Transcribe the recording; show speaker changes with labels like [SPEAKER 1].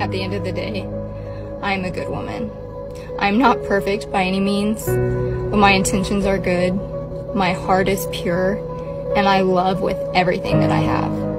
[SPEAKER 1] At the end of the day, I am a good woman. I am not perfect by any means, but my intentions are good, my heart is pure, and
[SPEAKER 2] I love with everything that I have.